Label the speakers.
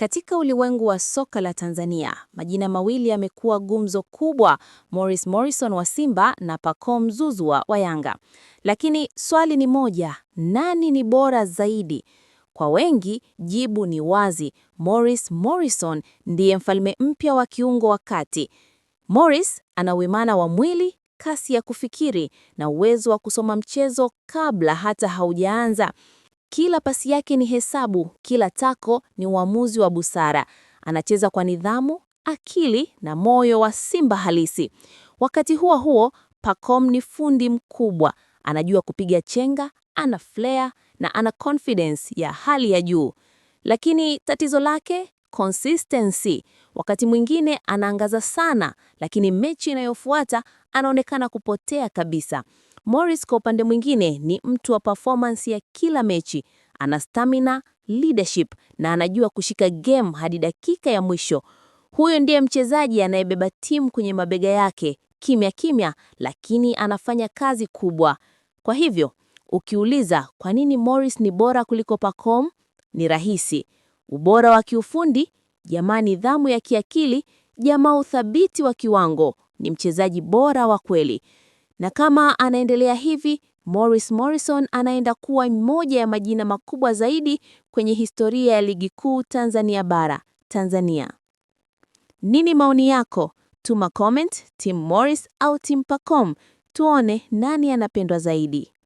Speaker 1: Katika ulimwengu wa soka la Tanzania, majina mawili yamekuwa gumzo kubwa, Morris Morrison wa Simba na Pacome Zouzoua wa Yanga. Lakini swali ni moja, nani ni bora zaidi? Kwa wengi jibu ni wazi, Morris Morrison ndiye mfalme mpya wa kiungo wa kati. Morris ana uimara wa mwili, kasi ya kufikiri na uwezo wa kusoma mchezo kabla hata haujaanza. Kila pasi yake ni hesabu, kila tako ni uamuzi wa busara. Anacheza kwa nidhamu, akili na moyo wa simba halisi. Wakati huo huo, Pacom ni fundi mkubwa. Anajua kupiga chenga, ana flair na ana confidence ya hali ya juu. Lakini tatizo lake consistency. Wakati mwingine anaangaza sana, lakini mechi inayofuata anaonekana kupotea kabisa. Morris kwa upande mwingine ni mtu wa performance ya kila mechi, ana stamina, leadership na anajua kushika game hadi dakika ya mwisho. Huyo ndiye mchezaji anayebeba timu kwenye mabega yake kimya kimya, lakini anafanya kazi kubwa. Kwa hivyo ukiuliza kwa nini Morris ni bora kuliko Pacom, ni rahisi: ubora wa kiufundi, jamaa, nidhamu ya kiakili, jamaa, uthabiti wa kiwango, ni mchezaji bora wa kweli, na kama anaendelea hivi, Morris Morrison anaenda kuwa mmoja ya majina makubwa zaidi kwenye historia ya Ligi Kuu Tanzania Bara, Tanzania. Nini maoni yako? Tuma comment, Team Morris au Team Pacom, tuone nani anapendwa zaidi.